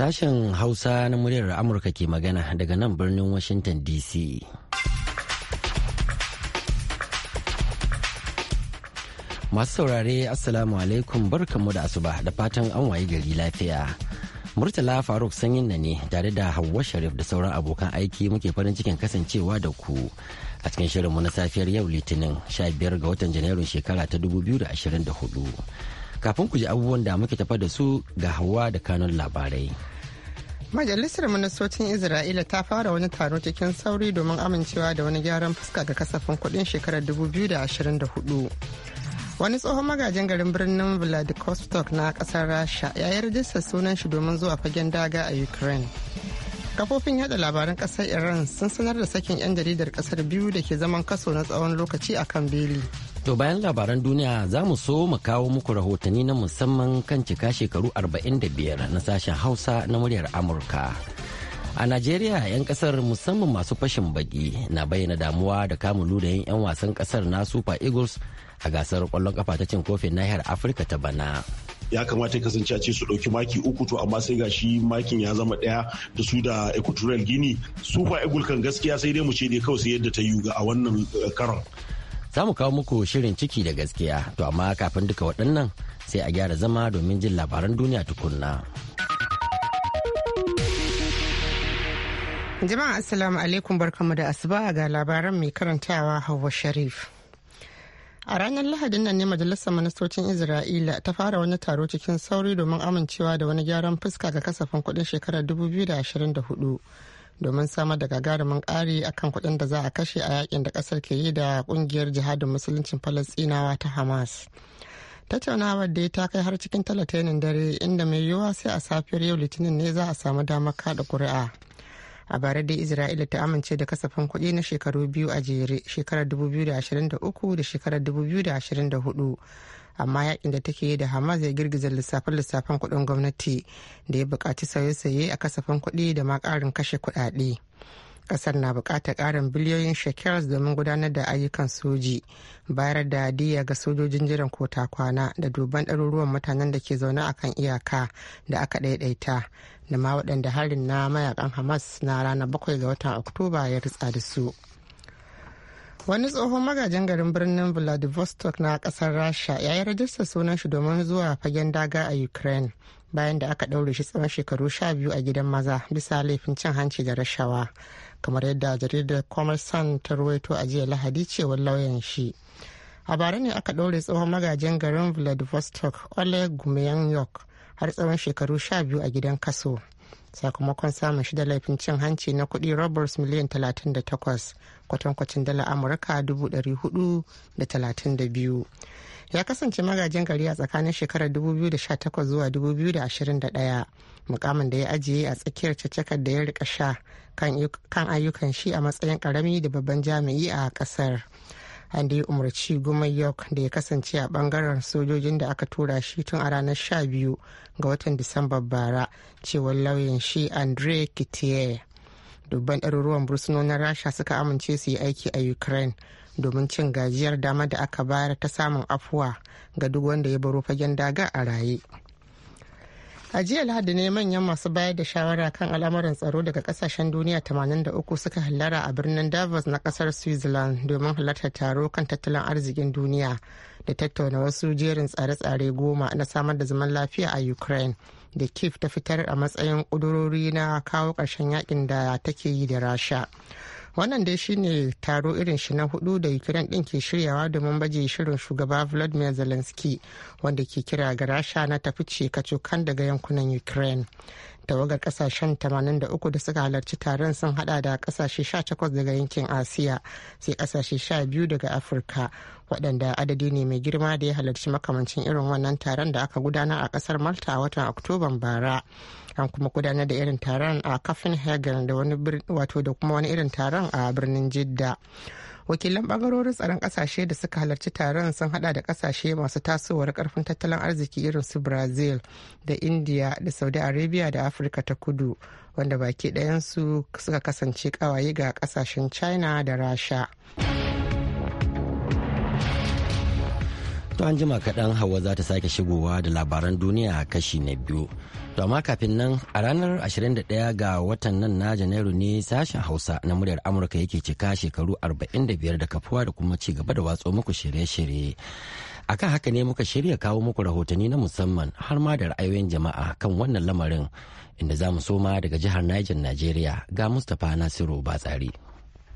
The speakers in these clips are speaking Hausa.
Sashen Hausa na muryar Amurka ke magana daga nan birnin Washington DC. Masu saurare Assalamu alaikum barkanmu da asuba da fatan an waye gari lafiya. Murtala Faruk sanyin na ne tare da Hauwa Sharif da sauran abokan aiki muke farin cikin kasancewa da ku a cikin shirinmu na safiyar yau Litinin 15 ga watan Janairun shekara ta 2024. Kafin ku ji abubuwan da muke tafa da su ga Hauwa da kanun labarai. Majalisar Ministocin Isra'ila ta fara wani taro cikin sauri domin amincewa da wani gyaran fuska ga kasafin kuɗin shekarar 2024. Wani tsohon magajin garin birnin Vladivostok na kasar Rasha ya yarda sunan shi domin zuwa fagen daga a Ukraine. Kafofin yada labaran ƙasar Iran sun sanar da sakin 'yan jaridar ƙasar biyu da ke zaman kaso na tsawon lokaci a kan beli. To bayan labaran duniya za mu so mu kawo muku rahotanni na musamman kan cika shekaru 45 na sashen Hausa na muryar Amurka. A Najeriya 'yan kasar musamman masu fashin baki na bayyana damuwa da kamun ludayin 'yan wasan kasar na Super Eagles a gasar kwallon kafa ta cin kofin nahiyar Afirka ta bana. ya kamata ya kasance a ce su ɗauki maki uku to amma sai gashi makin ya zama ɗaya da su da equatorial guinea super eagle kan gaskiya sai dai mu ce dai kawai sai yadda ta ga a wannan eh, karon za mu kawo muku shirin ciki da gaskiya to amma kafin duka waɗannan sai a gyara zama domin jin labaran duniya tukunna. jama'a assalamu alaikum barkamu da asuba ga labaran mai karantawa hauwa sharif a ranar lahadin nan ne majalisar ministocin isra'ila ta fara wani taro cikin sauri domin amincewa da wani gyaran fuska ga kasafin kudin shekarar 2024 domin samar da gagarumin ƙari akan kuɗin da za a kashe a yakin da ƙasar ke yi da ƙungiyar jihadin musuluncin falastinawa ta hamas tattaunawar da ta kai har cikin talatainin dare inda mai yiwuwa sai a safiyar yau litinin ne za a samu damar kada kuri'a a bara dai isra'ila ta amince da kasafin kuɗi na shekaru biyu a jere shekarar 2023 da shekarar 2024 amma yakin da take yi da hamas ya girgiza lissafin lissafin kuɗin gwamnati da ya buƙaci sauye-sauye a kasafin kuɗi da ma ƙarin kashe kuɗaɗe ƙasar na buƙatar ƙarin biliyoyin shekels domin gudanar da ayyukan soji bayar da diya ga sojojin jiran kota kwana da duban ɗaruruwan mutanen da ke zaune a kan iyaka da aka ɗaiɗaita da ma waɗanda harin na mayakan hamas na ranar bakwai ga watan oktoba ya ritsa da su wani tsohon magajin garin birnin vladivostok na kasar rasha ya yi rajista sunan shi domin zuwa fagen daga a ukraine bayan da aka ɗaure shi tsawon shekaru sha biyu a gidan maza bisa laifin cin hanci da rashawa kamar yadda jaridar commerson ta ruwaito a jiya lahadi cewa lauyan shi a bara ne aka ɗaure tsohon magajin garin vladivostok oleg york har tsawon shekaru sha biyu a gidan kaso sakamakon samun shi da laifin cin hanci na kudi roberts miliyan 38 kwatankwacin dala amurka 432 ya kasance magajin gari a tsakanin shekarar 2018 zuwa 2021 mukamin da ya ajiye a tsakiyar cacakar da ya rika sha kan ayyukan shi a matsayin karami da babban jami'i a kasar. an da ya umarci gumai york da ya kasance a bangaren sojojin da aka tura shi tun a ranar sha biyu ga watan disamba bara cewar lauyan shi andre kitie dubban ɗaruruwan bursunonin rasha suka amince su yi aiki a ukraine domin cin gajiyar dama da aka bayar ta samun afuwa ga duk wanda ya baro fagen daga a raye. a jiya lahadi ne manyan masu bayar da shawara kan al'amuran tsaro daga kasashen duniya 83 suka hallara a birnin davos na kasar switzerland domin halartar taro kan tattalin arzikin duniya da tattauna wasu jerin tsare-tsare goma na samar da zaman lafiya a ukraine da Kiev ta fitar a matsayin kudurori na kawo karshen yakin da take yi da rasha wannan dai shine taro irin shi na hudu da ukraine din ke shiryawa domin baje shirin shugaba vladimir zelensky wanda ke kira ga rasha na tafi ce kacokan daga yankunan ukraine tawagar kasashen 83 da suka halarci taron sun hada da kasashe 18 daga yankin asiya sai kasashe 12 daga afirka waɗanda adadi ne mai girma da ya halarci makamancin irin wannan taron da aka gudana a ƙasar malta a watan oktoban bara an kuma gudanar da irin taron a kafin hagen da wani wato da kuma wani irin taron a birnin jidda wakilan bangarorin tsaron kasashe da suka halarci taron sun hada da kasashe masu tasowar karfin tattalin arziki irin su brazil da india da saudi arabia da afirka ta kudu wanda baki su suka kasance kawaye ga kasashen china da rasha. To an jima kaɗan hawa za ta sake shigowa da labaran duniya kashi na biyu. To amma kafin nan a ranar 21 ga watan nan na Janairu ne sashen Hausa na muryar Amurka yake cika shekaru 45 da kafuwa da kuma ci gaba da watso muku shirye-shirye. akan haka ne muka shirya kawo muku rahotanni na musamman har ma da ra'ayoyin jama'a kan wannan lamarin inda za mu soma daga jihar Niger Najeriya ga Mustapha Nasiru Batsari.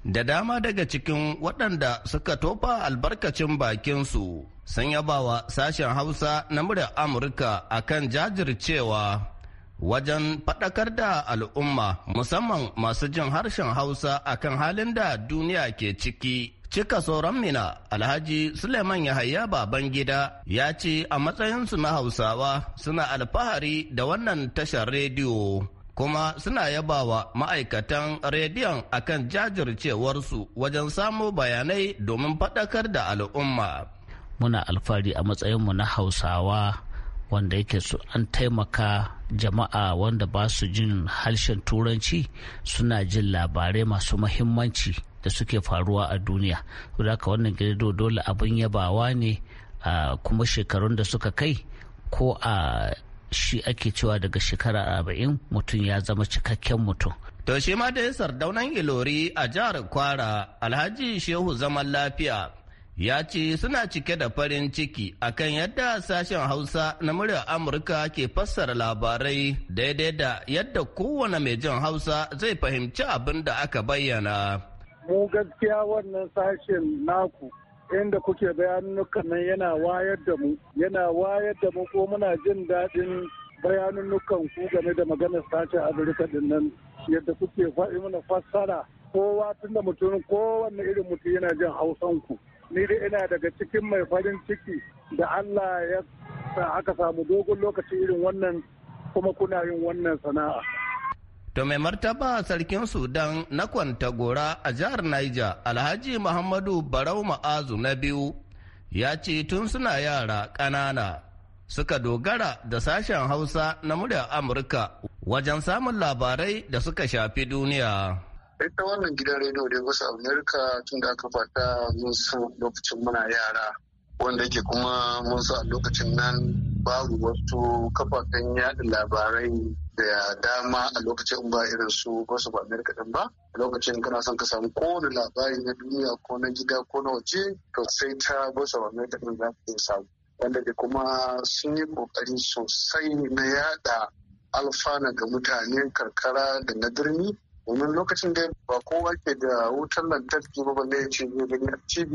Da dama daga cikin waɗanda suka tofa albarkacin bakinsu sun yabawa sashen Hausa na murya Amurka a kan jajircewa wajen faɗakar da al'umma musamman masu jin harshen hausa a kan halin da duniya ke ciki cika sauran mina alhaji suleiman yahaya baban gida ya ce a matsayinsu na hausawa suna alfahari da wannan tashar rediyo kuma suna yabawa ma'aikatan rediyon akan jajircewarsu wajen samo bayanai domin faɗakar da al'umma muna alfahari a matsayinmu na hausawa wanda yake su an taimaka jama'a wanda ba su jin harshen turanci suna jin labarai masu mahimmanci da suke faruwa a duniya ka wannan gido dole abin yabawa ne a kuma shekarun da suka kai ko a shi ake cewa daga shekara arba'in mutum ya zama cikakken mutum to shi ma da sardaunan ilori a jihar kwara alhaji shehu zaman lafiya ya ce suna cike da farin ciki akan yadda sashen hausa na muryar amurka ke fassara labarai daidai da yadda kowane mai jin hausa zai fahimci abin da aka bayyana mu gaskiya wannan sashen naku inda kuke bayanukan nan yana wayar da mu yana wayar da mu ko muna jin daɗin bayanukan ku game da maganar sashen amurka din nan yadda kuke faɗi mana fassara kowa tunda mutum kowanne irin mutum yana jin hausan ku ni dai ina daga cikin mai farin ciki da Allah ya sa aka samu dogon lokaci irin wannan kuma kuna yin wannan sana'a. To mai martaba sarkin Sudan na kwanta gora a jihar Niger Alhaji Muhammadu Barau Ma'azu na biyu ya ce tun suna yara ƙanana suka dogara da sashen Hausa na muryar Amurka wajen samun labarai da suka shafi duniya. ta wannan gidan rediyo da gusa amerika tun da aka fata mun su lokacin muna yara wanda ke kuma mun su a lokacin nan babu wasu kafafen yaɗa labarai da dama a lokacin ba irin su gusa ba amerika din ba a lokacin kana son ka samu kowane labari na duniya ko na gida ko na waje to sai ta gusa ba amerika din za ka samu wanda ke kuma sun yi kokari sosai na yada alfana ga mutanen karkara da na birni domin lokacin da ba kowa ke da wutar lantarki ba balle ya ce zai gani a tv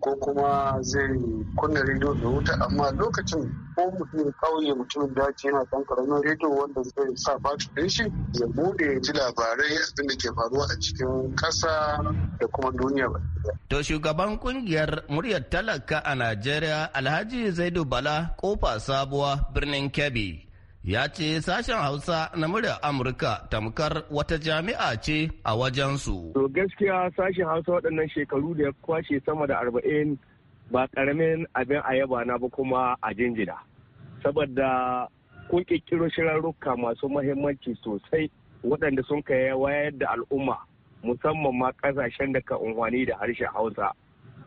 ko kuma zai kunna rediyo da wuta amma lokacin ko mutum kauye mutumin daji yana kan karamin rediyo wanda zai sa ɗin shi ya bude ya ji labarai abin da ke faruwa a cikin ƙasa da kuma duniya ba. To shugaban kungiyar muryar talaka a Najeriya Alhaji Zaidu Bala kofa sabuwa birnin Kebbi ya ce sashen hausa na murya amurka tamkar wata jami'a ce a wajensu. to gaskiya sashen hausa waɗannan shekaru da ya kwashe sama da arba'in ba ƙaramin abin ayaba na ba kuma a jinjina saboda kun ƙirƙiro shirarruka masu mahimmanci sosai waɗanda sun kai wayar da al'umma musamman ma ƙasashen da ka unhwani da harshen hausa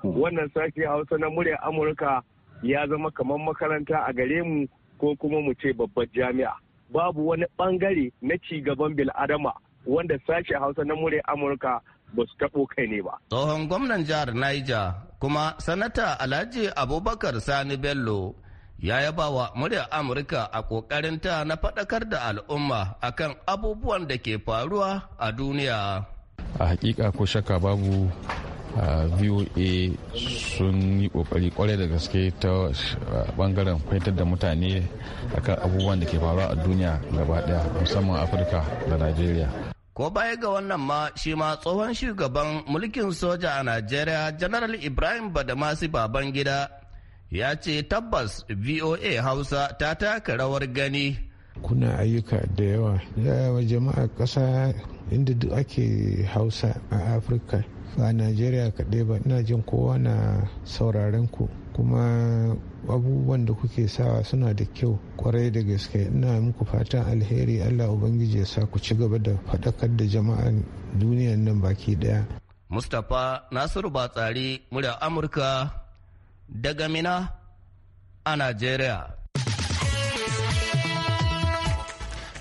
hmm. wannan sashen hausa na murya amurka ya zama kamar makaranta a gare mu ko kuma mu ce babbar jami'a babu wani bangare na ci gaban bil'adama wanda sashe hausa na mure amurka ba su taɓo kai ne ba. Tsohon gwamnan jihar Niger kuma sanata Alhaji Abubakar Sani Bello ya yaba wa murya Amurka a ta na faɗakar da al'umma akan abubuwan da ke faruwa a duniya. A hakika ko shaka babu voa sun yi kokari kwarai da gaske ta bangaren faitar da mutane akan abubuwan da ke faruwa a duniya gaba daya musamman afirka da nigeria ko baya ga wannan ma shi ma tsohon shugaban mulkin soja a nigeria general ibrahim badamasi babangida ya ce tabbas voa hausa ta taka rawar gani kuna ayyuka da yawa jama'a kasa inda duk ake hausa a afirka ba najeriya kaɗai ba ina jin kowa na sauraren ku kuma abubuwan da kuke sawa suna da kyau kwarai da gaske ina muku fatan alheri allah ubangiji ya sa ku ci gaba da faɗakar da jama'an duniyan nan baki ɗaya mustapha nasiru batsari murya amurka daga mina a najeriya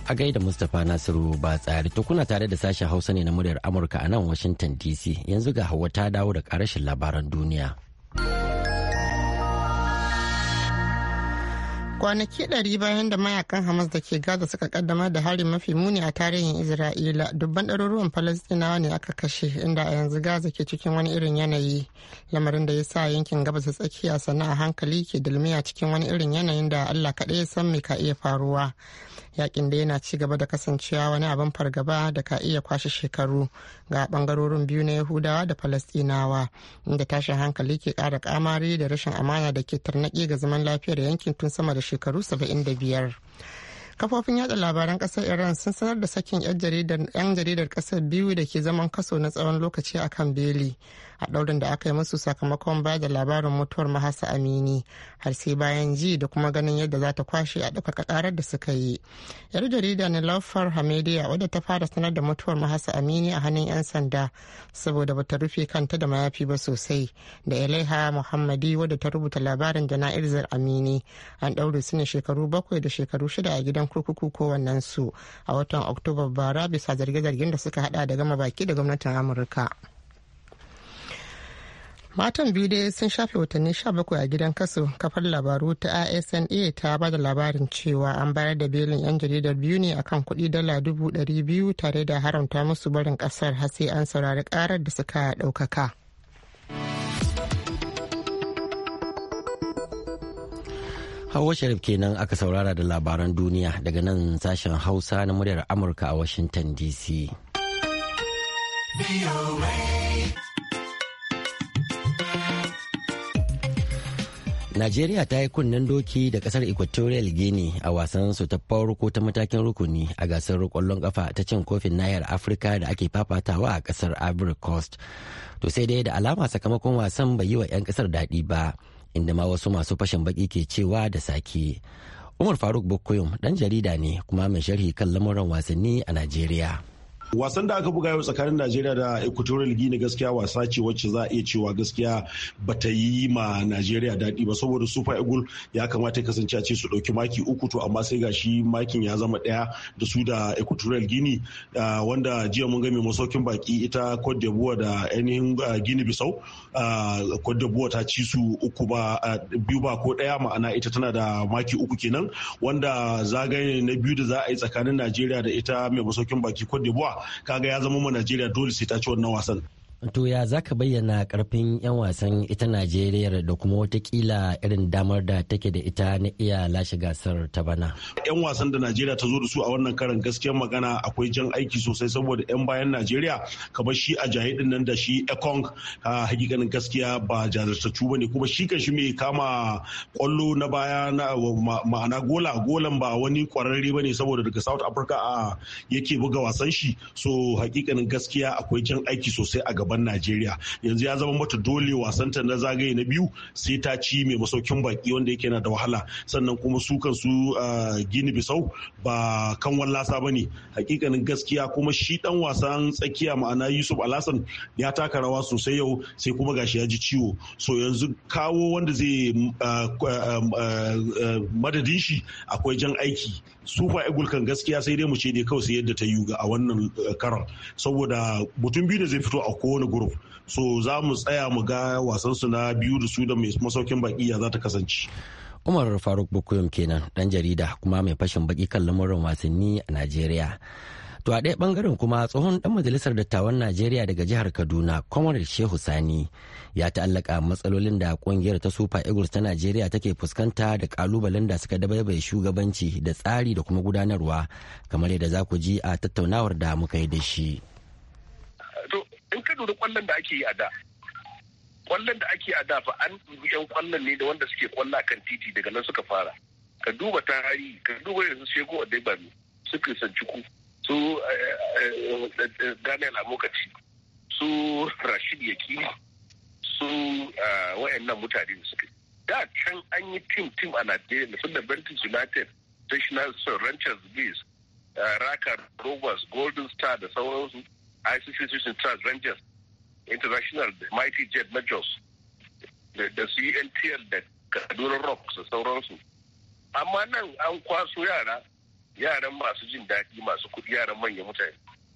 a gaida Mustapha Nasiru ba tsari to kuna tare da sashen Hausa ne na muryar Amurka a nan Washington DC yanzu ga Hauwa ta dawo da karashin labaran duniya. Kwanaki ɗari bayan da mayakan Hamas da ke Gaza suka kaddamar da hari mafi muni a tarihin Isra'ila, dubban ɗaruruwan Falastinawa ne aka kashe inda a yanzu Gaza ke cikin wani irin yanayi, lamarin da ya sa yankin gabas tsakiya sana a hankali ke dulmiya cikin wani irin yanayin da Allah kaɗai ya san me ka iya faruwa. yakin da yana ci gaba da kasancewa wani abin fargaba da ka iya kwashe shekaru ga bangarorin biyu na yahudawa da falastinawa inda tashin hankali ke kara kamari da rashin amana da ke tarnaki ga zaman lafiyar yankin tun sama da shekaru 75 kafofin yada labaran kasar iran sun sanar da sakin yan jaridar kasar biyu da ke zaman kaso na tsawon lokaci a kan beli a ɗaurin da aka yi musu sakamakon ba da labarin mutuwar mahasa amini har sai bayan ji da kuma ganin yadda za ta kwashe a ɗaukaka ƙarar da suka yi yar jarida ne laufar hamediya wadda ta fara sanar da mutuwar mahasa amini a hannun 'yan sanda saboda bata rufe kanta da mayafi ba sosai da elaiha muhammadi wadda ta rubuta labarin jana'izar amini an ɗaure su ne shekaru bakwai da shekaru shida a gidan kurkuku kowannen su a watan oktoba bara bisa zarge-zargen da suka hada da gama baki da gwamnatin amurka. matan biyu dai sun shafe watanni 17 a gidan kaso kafar labaru ta isna ta ba da labarin cewa an bayar da belin 'yan jaridar biyu ne akan kuɗi dala dubu ɗari biyu tare da haramta musu barin ƙasar har sai an saurari ƙarar da suka ɗaukaka. Hawa Sharif kenan aka saurara da labaran duniya daga nan sashen Hausa na muryar Amurka a Washington DC. Najeriya ta yi kunnen doki da kasar Equatorial Guinea a wasan su ta farko ta matakin rukuni a gasar kwallon kafa ta cin kofin nahiyar Afirka da ake fafatawa a kasar Ivory Coast. To sai dai da alama sakamakon wasan bai yi wa 'yan kasar daɗi ba, inda ma wasu masu fashin baki ke cewa da sake. Umar Faruk Bokoyum ɗan jarida ne kuma mai sharhi kan lamuran wasanni a Najeriya. wasan da aka buga yau tsakanin najeriya da equatorial guinea gaskiya wasa ce wacce za a iya cewa gaskiya bata yi ma najeriya daɗi ba saboda super eagle ya kamata ya kasance a ce su ɗauki maki uku to amma sai gashi makin ya zama ɗaya da su da equatorial guinea wanda jiya mun ga mai masaukin baki ita cote d'ivoire da ainihin guinea bissau cote d'ivoire ta ci su uku ba biyu ba ko ɗaya ma'ana ita tana da maki uku kenan wanda zagaye na biyu da za a yi tsakanin najeriya da ita mai masaukin baki cote d'ivoire kaga ya zama ma Najeriya dole sai ta ci wannan wasan To ya za ka bayyana karfin 'yan wasan ita Najeriya da kuma watakila irin damar da take da ita na iya lashe gasar ta bana. 'Yan wasan da Najeriya ta zo da su a wannan karan gaskiyar magana akwai jan aiki sosai saboda 'yan bayan Najeriya kamar shi a din nan da shi Ekong a hakikanin gaskiya ba jazartaccu ba ne kuma shi kan shi mai kama kwallo na baya na ma'ana gola golan ba wani kwararre ba ne saboda daga South Africa a yake buga wasan shi so hakikanin gaskiya akwai jan aiki sosai a gaba babban Najeriya yanzu ya zama mata dole wasanta na zagaye na biyu sai ta ci mai masaukin baki wanda yake na da wahala sannan kuma su kan su Gini Bisau ba kan wallasa ba ne hakikanin gaskiya kuma shi dan wasan tsakiya ma'ana Yusuf Alasan ya taka rawa sosai yau sai kuma gashi ya ji ciwo so yanzu kawo wanda zai madadin shi akwai jan aiki sufa eagle kan gaskiya sai dai mu ce dai kawai sai yadda ta yi a wannan eh, karan saboda mutum biyu da zai fito a kowane group so za mu tsaya mu ga wasan su na biyu da su da mai masaukin baki ya za ta kasance umar faruk bukuyum kenan dan jarida kuma mai fashin baki kan lamurin wasanni a najeriya To a ɗaya ɓangaren kuma tsohon ɗan majalisar dattawan Najeriya daga jihar Kaduna, Comrade Shehu Sani, ya ta'allaka matsalolin da ƙungiyar ta Super Eagles ta Najeriya take fuskanta da ƙalubalen da suka dabaibaye shugabanci da tsari da kuma gudanarwa, kamar yadda za ku ji a tattaunawar da muka yi da shi. in ka dubi ƙwallon da ake yi a da, ƙwallon da ake a da fa an 'yan ƙwallon ne da wanda suke a kan titi daga nan suka fara. Ka duba tarihi, ka duba yanzu shego a suka sanci ku. su eh, eh, eh, daniel amokaci su rashid yaki su wayannan mutane da suke da can an yi tim tim a najeriya da sun da united national ranchers bees raka rovers golden star da sauransu icc Trans rangers international da mighty jet Majors da su ntl da kaduna rocks da sauransu amma nan an kwaso yara yaran masu jin daɗi masu kuɗi yaran manyan mutane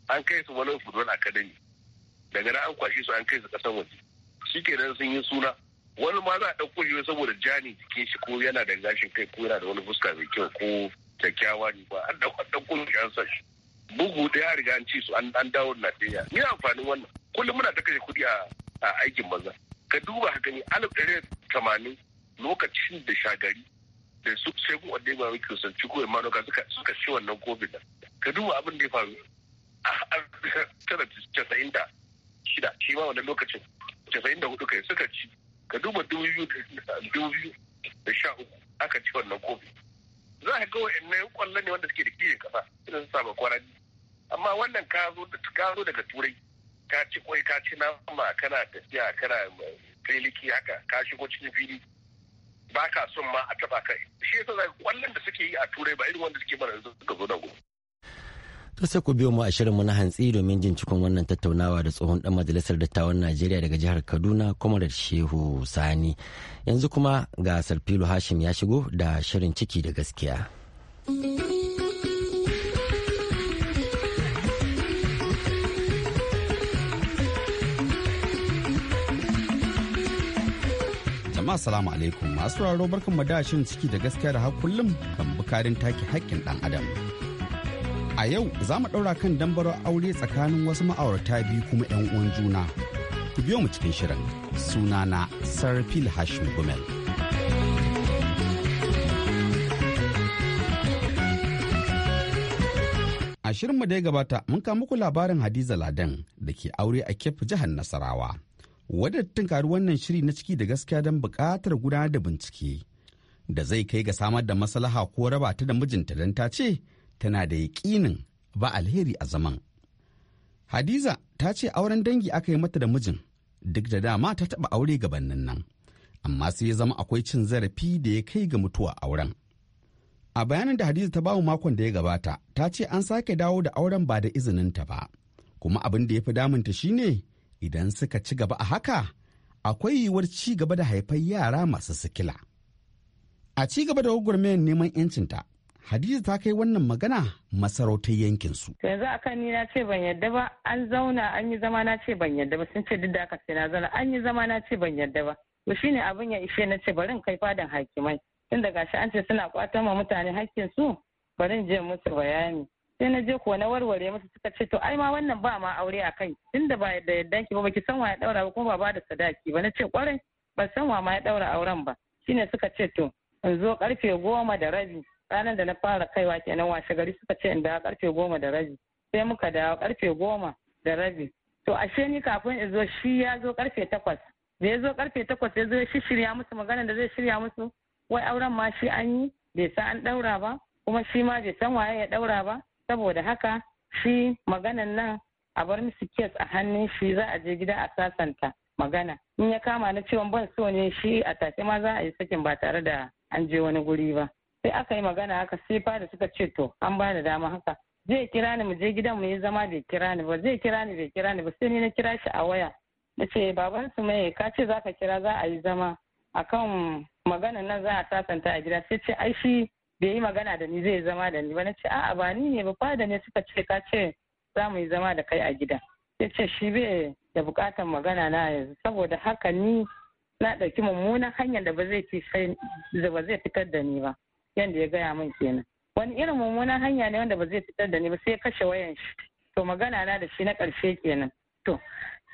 an kai su wani football academy daga nan an kwashe su an kai su ƙasan waje shi kenan sun yi suna wani ma za a ɗauko shi saboda jani jikin shi ko yana da gashin kai ko yana da wani fuska mai kyau ko kyakkyawa ne ba an ɗauko shi an sa shi bugu ɗaya riga an ci su an dawo ɗaya ni amfanin wannan kullum muna ta kashe kuɗi a aikin maza ka duba haka ne alif ɗari tamanin lokacin da shagari da su wanda odegba wiki sun ci ko imanu ka suka ci wannan covid da ka duba abin da ya faru a tara casa'in da shida shi ma wannan lokacin casa'in da hudu kai suka ci ka duba dubu biyu da sha uku aka ci wannan covid za a ga wa'annan kwallon ne wanda suke da kiyin kasa su saba kwarani amma wannan ka zo daga turai ka ci kwai ka ci nama kana tafiya kana eh, filiki haka ka shigo cikin fili ba ka son ma a taba kai shi yasa kwallon da suke yi a turai ba irin wanda suke mana yanzu suka zo da gobe to sai ku biyo mu a shirinmu na hantsi domin jin cikon wannan tattaunawa da tsohon dan majalisar dattawan Najeriya daga jihar Kaduna da Shehu Sani yanzu kuma ga Sarfilu Hashim ya shigo da shirin ciki da gaskiya. jama'a salamu alaikum masu raro barkan mu da shin ciki da gaskiya da har kullum kan bukarin take haƙƙin dan adam a yau za mu ɗaura kan dambar aure tsakanin wasu ma'aurata biyu kuma 'yan uwan juna ku biyo mu cikin shirin sunana sarfil hashim gumel a shirin mu da ya gabata mun kama muku labarin hadiza ladan da ke aure a kefi jihar nasarawa wadda tunkari wannan shiri na ciki da gaskiya don buƙatar gudanar da bincike da zai kai ga samar da maslaha ko raba ta da mijinta don ta ce tana da yaƙinin ba alheri a zaman. Hadiza ta ce auren dangi aka yi mata da mijin duk da dama ta taɓa aure gabanin nan amma sai ya zama akwai cin zarafi da ya kai ga mutuwa auren. A bayanin da Hadiza ta bawo makon da ya gabata ta ce an sake dawo da auren ba da izinin ta ba kuma abin da ya fi damunta shine idan suka ci gaba a haka akwai yiwuwar ci gaba da haifar yara masu sikila. A ci gaba da gwagwarmayar neman 'yancinta, Hadiza ta kai wannan magana masarautar yankinsu. Yanzu a kan ni na ce ban yadda ba, an zauna an yi zama na ce ban yadda ba, sun ce duk da aka ce na zauna an yi zama na ce ban yadda ba. To shi ne abin ya ishe na ce barin kai fadan hakimai. Tun da gashi an ce suna kwatan mutane hakkin su, barin je musu bayani. sai na je ko na warware musu suka ce to ai ma wannan ba ma aure a kai tunda ba da yadda ki ba baki san wa ya daura ba kuma ba ba da sadaki ba na ce kwarai ba san wa ma ya daura auren ba shine suka ce to in zo karfe goma da rabi ranar da na fara kaiwa kenan washe gari suka ce in dawo karfe goma da rabi sai muka dawo karfe goma da rabi to ashe ni kafin in zo shi ya zo karfe takwas da ya zo karfe takwas ya zo ya shirya musu magana da zai shirya musu wai auren ma shi an yi bai sa an daura ba kuma shi ma bai san waye ya daura ba saboda haka shi maganan nan a bar musu kes a hannun shi za a je gida a sasanta magana in ya kama na cewa ban so ne shi a take ma za a yi sakin ba tare da an je wani guri ba sai aka yi magana haka sai fada suka ce to an ba da dama haka zai kira ni mu je gidan mu yi zama bai kira ni ba zai kira ni bai kira ni ba sai ni na kira shi a waya na ce baban su mai ka ce za ka kira za a yi zama akan maganan nan za a sasanta a gida sai ce ai shi da yi magana da ni zai zama da ni ba na ce a'a ba ni ne ba fada ne suka ce ka ce za mu yi zama da kai a gida. ya ce shi bai da bukatan magana na yanzu saboda haka ni na ɗauki mummunan hanyar da ba zai fitar da ni ba yadda ya gaya min kenan wani irin mummunan hanya ne wanda ba zai fitar da ni ba sai ya kashe wayan shi to magana na da shi na ƙarshe kenan to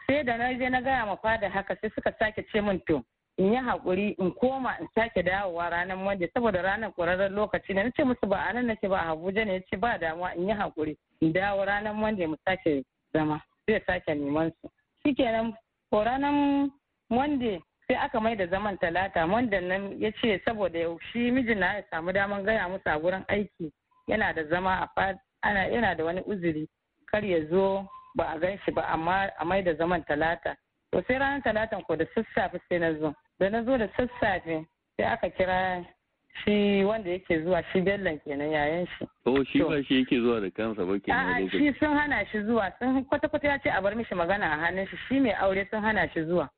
sai da na je na gaya ma fada haka sai suka sake ce min to in yi haƙuri in koma in sake dawowa ranar monday saboda ranar ƙwararren lokaci na ce musu ba a nan nake ba a abuja ne ce ba damuwa in yi haƙuri in dawo ranar monday mu sake zama zai sake neman su shikenan ko ranar monday sai aka mai da zaman talata monday nan ya ce saboda shi mijin na ya samu daman gaya musu a gurin aiki yana da zama a ana yana da wani uzuri kar ya zo ba a gan shi ba amma a mai da zaman talata to ranar talatan ko da sassafe sai na zo da na zo da sassafe sai aka kira shi wanda yake zuwa shi bellan kenan yayan shi. Oh shi ba shi yake zuwa da kansa ba kenan. A'a shi sun hana shi zuwa sun kwata kwata ya ce a bar mishi magana a hannun shi shi mai aure sun hana shi zuwa.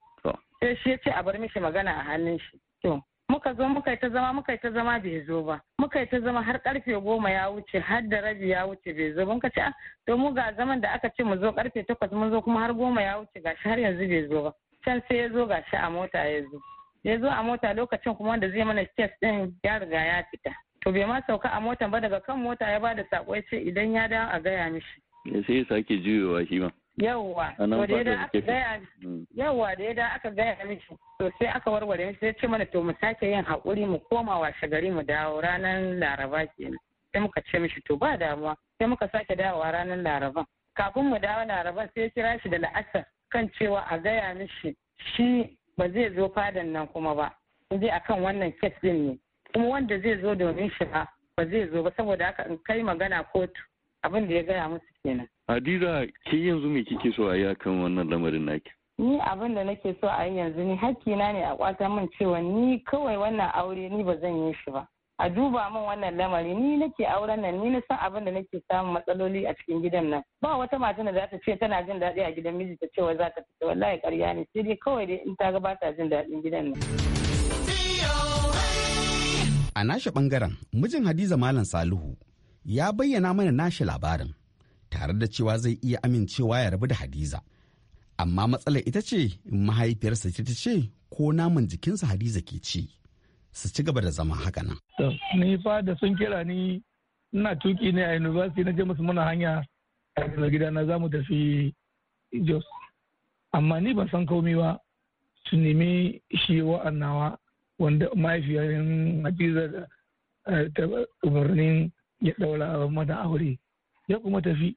Sai shi ya ce a bar mishi magana a hannun shi. To muka zo muka yi ta zama muka yi ta zama bai zo ba muka yi ta zama har karfe goma ya wuce har da rabi ya wuce bai zo ba muka ce ah, to mu ga zaman da aka ce mu zo karfe takwas mun zo kuma har goma ya wuce gashi har yanzu bai zo ba. can sai ya zo gashi a mota ya zo ya zo a mota lokacin kuma wanda zai mana test din ya riga ya fita to bai ma sauka a motan ba daga kan mota ya bada saƙo ya ce idan ya dawo a gaya mishi sai ya sake juyowa shi ma yawwa da ya mm. da aka gaya mishi to sai aka warware mishi sai ce mana to mu sake yin haƙuri mu koma washe gari mu dawo ranar laraba kenan sai muka ce mishi to ba damuwa sai muka sake dawowa ranar laraban kafin mu dawo laraban sai ya kira shi da la'asar kan cewa a gaya mishi shi ba zai zo fadan nan kuma ba je akan wannan kes din ne kuma wanda zai zo domin shi ba ba zai zo ba saboda haka in kai magana kotu abin da ya gaya musu kenan Hadiza ke yanzu me kike so a yi akan wannan lamarin naki ni abin da nake so a yi yanzu ni hakkina ne a kwata min cewa ni kawai wannan aure ni ba zan yi shi ba a duba min wannan lamari ni nake auren nan ni na san abin da nake samun matsaloli a cikin gidan nan ba wata mata da za ta ce tana jin daɗi a gidan miji ta ce za ta fita wallahi ƙarya ne sai dai kawai dai in ta ga ba ta jin daɗin gidan nan a nashi bangaren mijin hadiza malam salihu ya bayyana mana nashi labarin tare da cewa zai iya amincewa ya rabu da hadiza amma matsalar ita ce mahaifiyarsa ta ce ko naman jikinsa hadiza ke ci su ci gaba da zama haka nan. Ni fa da sun kira ni ina tuki ne a university na je musu muna hanya a gida na zamu tafi Jos. Amma ni ban san komi ba su nemi shi wa'annawa wanda mahaifiyarin Hadiza da eh, ta umarnin ya daura mata aure. Ya kuma tafi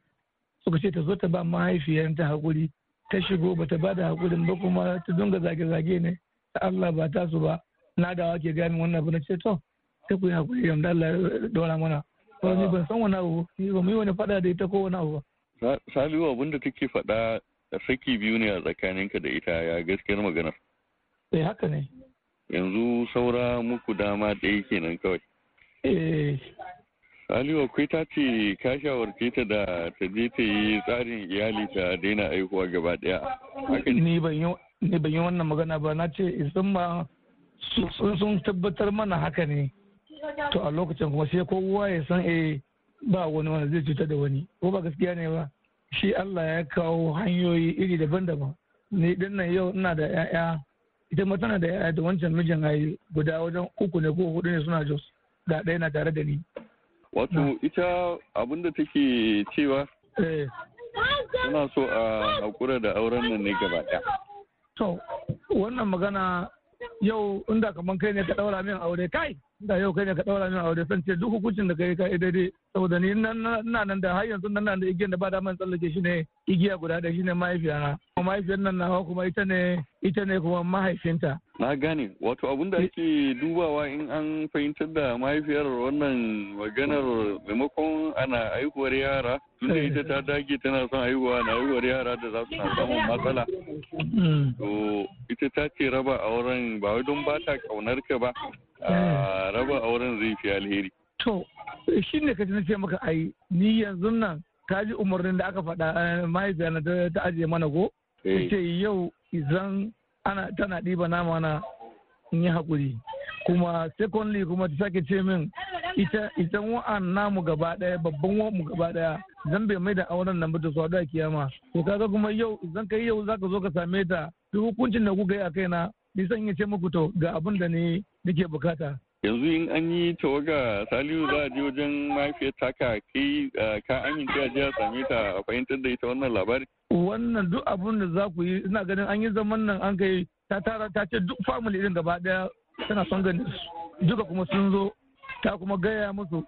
suka ce ta zo ta ba mahaifiyar ta haƙuri ta shigo ba ta ba da haƙurin ba kuma ta dunga zage-zage ne ta Allah ba ta su ba na dawa wake gani wannan abu na ce to sai kuyi hakuri hakuri da Allah dora mana ba ni ban san wani abu ni ba mu yi wani fada da ita ko wani abu ba wa abin da take faɗa saki biyu ne a tsakaninka da ita ya gaskiyar maganar eh haka ne yanzu saura muku dama ɗaya kenan kawai eh Aliyu akwai ta ce ka shawarce ta da ta je ta yi tsarin iyali ta daina aihuwa gaba daya. Ni ban yi wannan magana ba na ce isan ma sun tabbatar mana haka ne to a lokacin kuma sai kowa ya san eh ba wani wanda zai cutar da wani ko ba gaskiya ne ba shi Allah ya kawo hanyoyi iri daban-daban ni din nan yau ina da 'ya'ya ita ma tana da 'ya'ya da wancan mijin ayi guda wajen uku ne ko hudu ne suna jos ga ɗaya na tare da ni wato ita abinda take cewa suna eh. so a haƙura da auren nan ne gaba ɗaya to wannan magana yau inda kamar kai ne ka ɗaura min aure kai da yau kai ne ka daura min aure wajen sance duk hukuncin da kai ka daidai saboda ni ina nan da har yanzu nan da igiyar da ba da man tsallake shi ne igiya guda da shi ne mahaifiyana kuma mahaifiyar nan nawa kuma ita ne ita ne kuma mahaifinta na gane wato abin da ake dubawa in an fahimtar da mahaifiyar wannan maganar maimakon ana haihuwar yara da ita ta eh. dage tana son haihuwa na haihuwar yara da za su na samun matsala hmm. to ita ta ce raba auren ba wai don ba ta kaunar ka ba raba auren zai fi alheri to shi ne kaji na ce maka ai ni yanzu nan ka ji umarnin da aka faɗa eh, mahaifiya na ta ajiye mana ko eh. ce yau izan ana tana ɗiba nama na in yi haƙuri kuma secondly kuma ta sake ce min ita ita wa'an namu gaba ɗaya babban wa'an gaba ɗaya zan bai mai da auren nan ba ta a kiyama to kaga kuma yau idan kai yau zaka zo ka same ta duk hukuncin da kuka yi a kaina nisan ya ce muku to ga abin da ne nake bukata yanzu in an yi tawaga salihu za a je wajen mafiyar taka kai ka amince a je same ta fahimtar da ita wannan labari wannan duk abun da za ku yi ina ganin an yi zaman nan an kai ta tara ta ce duk famili irin gaba daya tana son ganin duka kuma sun zo ta kuma gaya musu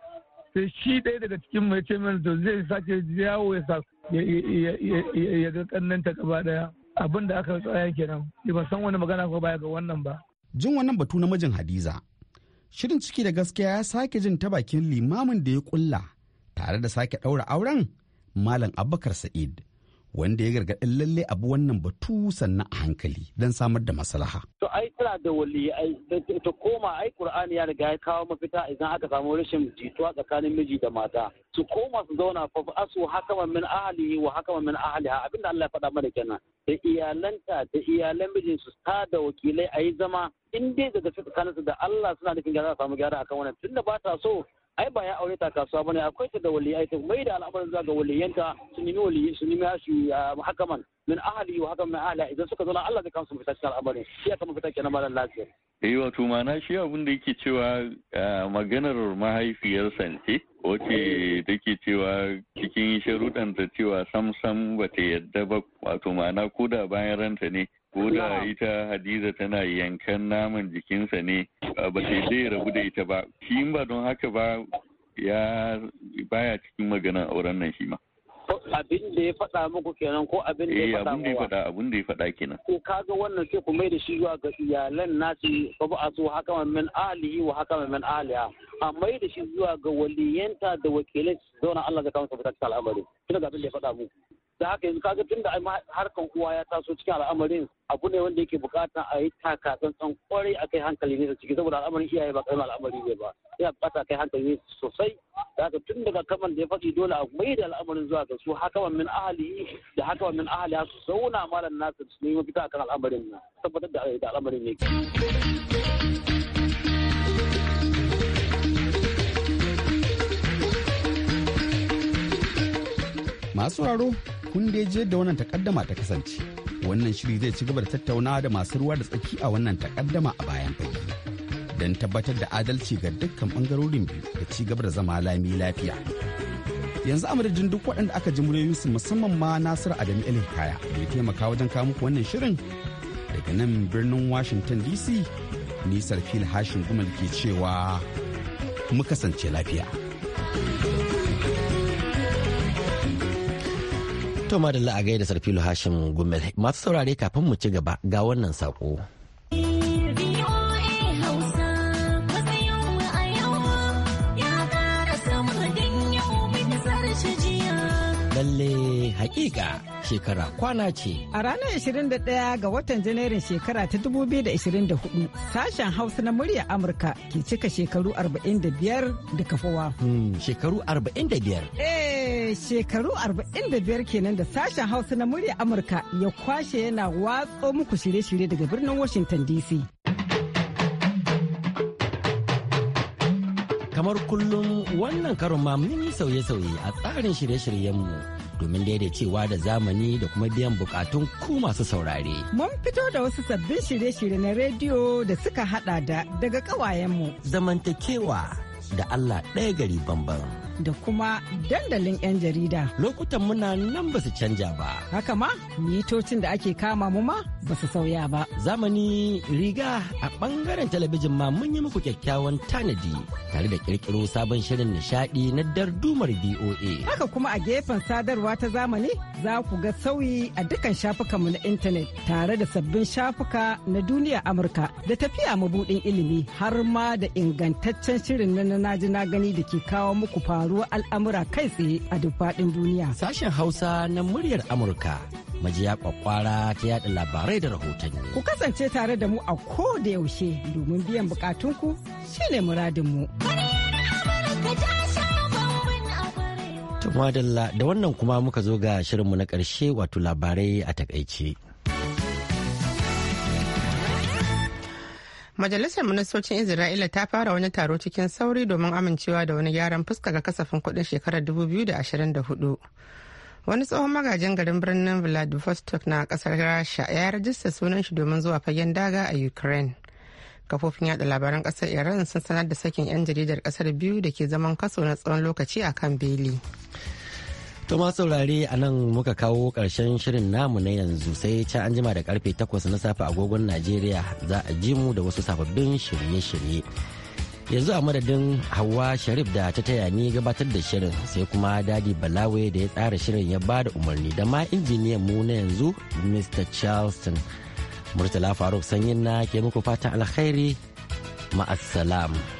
sai shi ɗaya daga cikin mai ce min to zai sace yawo ya sa ya ga kannanta gaba daya abin da aka tsaya kenan ba san wani magana ko baya ga wannan ba jin wannan batu na mijin hadiza shirin ciki da gaskiya ya sake jin ta bakin limamin da ya kulla tare da sake ɗaura auren malam abubakar sa'id wanda ya gargaɗi lalle abu wannan batu sannan a hankali don samar da maslaha. To ai tana da wali ta koma ai Qur'ani ya riga ya kawo mafita idan aka samu rashin jituwa tsakanin miji da mata. Su koma su zauna fa asu hakaman min ahlihi wa hakaman min ahliha abinda Allah ya faɗa mana kenan. Da iyalanta da iyalan mijin su ta da wakilai a yi zama in dai daga tsakaninsu da Allah suna nufin gyara samu gyara akan wannan tunda ba ta so ai ba ya aure ta kasuwa bane akwai ta ga waliyai ta mai da al'amarin za ga waliyanta su nemi waliyai su nemi shi hakaman min ahli wa hakaman min ahli idan suka zauna Allah zai kansu fita cikin al'amarin shi ya kama fita kenan malam lafiya eh wato ma'ana shi abin da yake cewa maganar mahaifiyar ce wace eh. take cewa cikin sharuɗanta cewa sam sam ba ta yadda ba wato ma'ana ko da bayan ranta ne ko da ita hadiza tana yankan naman jikinsa ne ba sai zai rabu da ita ba shi ba don haka ba ya baya cikin maganar auren nan shi ma abin da ya faɗa muku kenan ko abin da ya eh, faɗa muku faɗa abin da ya faɗa kenan ko kaga wannan sai ku mai da shi zuwa ga iyalan nasi fa ba su haka min alihi wa haka min aliha a mai da shi zuwa ga waliyanta da wakilai zauna Allah ga kansa fitar al'amari kina ga abin da ya faɗa muku da haka yanzu kaga tun da harkan kowa ya taso cikin al'amarin abu ne wanda yake bukata a yi taka tsantsan kwarai a kai hankali ne da ciki saboda al'amarin iyaye ba karamin al'amari ne ba yana bukata kai hankali ne sosai da haka tun daga kaman da ya faɗi dole a mai da al'amarin zuwa ga su haka min ahali da haka min ahali su zauna malam nasu su nemi fita akan al'amarin nan tabbatar da al'amarin ne. masu raro kun dai je da wannan takaddama ta kasance wannan shiri zai ci gaba da tattaunawa da masu ruwa da tsaki a wannan takaddama a bayan fage don tabbatar da adalci ga dukkan bangarorin biyu da ci gaba da zama lami lafiya yanzu a madadin duk waɗanda aka ji su musamman ma nasiru adamu ilin kaya da ya taimaka wajen kawo muku wannan shirin daga nan birnin washington dc nisar fil hashin gumal ke cewa mu kasance lafiya. To madalla a gaida Sarfilu Hashim Gumel. Masu saurare kafin mu ci gaba ga wannan sako. Lalle hakika shekara kwana ce. A ranar 21 ga watan Janairun shekara ta 2024 sashen Hausa na murya Amurka ke cika shekaru 45 da kafowa. Hmm, shekaru 45? Eh! mai shekaru 45 kenan da sashen hausa na murya amurka ya kwashe yana watso muku shirye-shirye daga birnin washington dc kamar kullum wannan karon ma mun sauye-sauye a tsarin shirye-shiryenmu domin daidaicewa da zamani da kuma biyan bukatun ku masu saurare. Mun fito da wasu sabbin shirye-shirye na rediyo da suka hada da daga kawayenmu. Zamantakewa da Allah ɗaya gari bambam. da kuma dandalin 'yan jarida. Lokutan muna nan ba su canja ba. Haka ma, mitocin da ake kama mu ma ba su sauya ba. Zamani riga a ɓangaren talabijin ma mun yi muku kyakkyawan tanadi tare da ƙirƙiro sabon shirin nishaɗi na dardumar BOA. Haka kuma a gefen sadarwa ta zamani za ku ga sauyi a dukkan shafukanmu na intanet tare da sabbin shafuka na duniya Amurka da tafiya mabuɗin ilimi har ma da ingantaccen shirin na na gani da ke kawo muku faru faruwar al'amura kai tsaye a duk faɗin duniya. Sashen Hausa na muryar Amurka. Majiya kwakwara ta yada labarai da rahotanni. Ku kasance tare da mu a ko da yaushe domin biyan bukatunku shine muradinmu. Tumadalla da wannan kuma muka zo ga shirinmu na karshe wato labarai a takaice. Majalisar Ministocin Isra'ila ta fara wani taro cikin sauri domin amincewa da wani gyaran fuska ga kasafin kudin shekarar 2024. Wani tsohon magajin garin birnin Vladivostok na kasar Rasha ya rajista sunan shi domin zuwa fagen daga a Ukraine. Kafofin yada labaran kasar Iran sun sanar da sakin 'yan jaridar kasar biyu da ke zaman kaso na tsawon lokaci a kan beli. To ma saurare a nan muka kawo ƙarshen shirin namu na yanzu sai can an jima da karfe takwas na safe agogon Najeriya za a ji mu da wasu sababbin shirye-shirye. Yanzu a madadin hawa Sharif da ta taya ni gabatar da shirin sai kuma Dadi Balawe da ya tsara shirin ya ba da umarni da ma injiniyan mu na yanzu Mr. Charleston. Murtala Faruk Sanyin na ke muku fatan alkhairi ma'assalam.